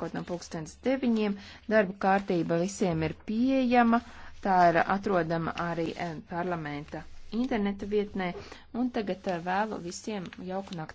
sākot no pulkstens deviņiem. Darba kārtība visiem ir pieejama, tā ir atrodama arī eh, parlamenta interneta vietnē, un tagad eh, vēlu visiem jauku nakti.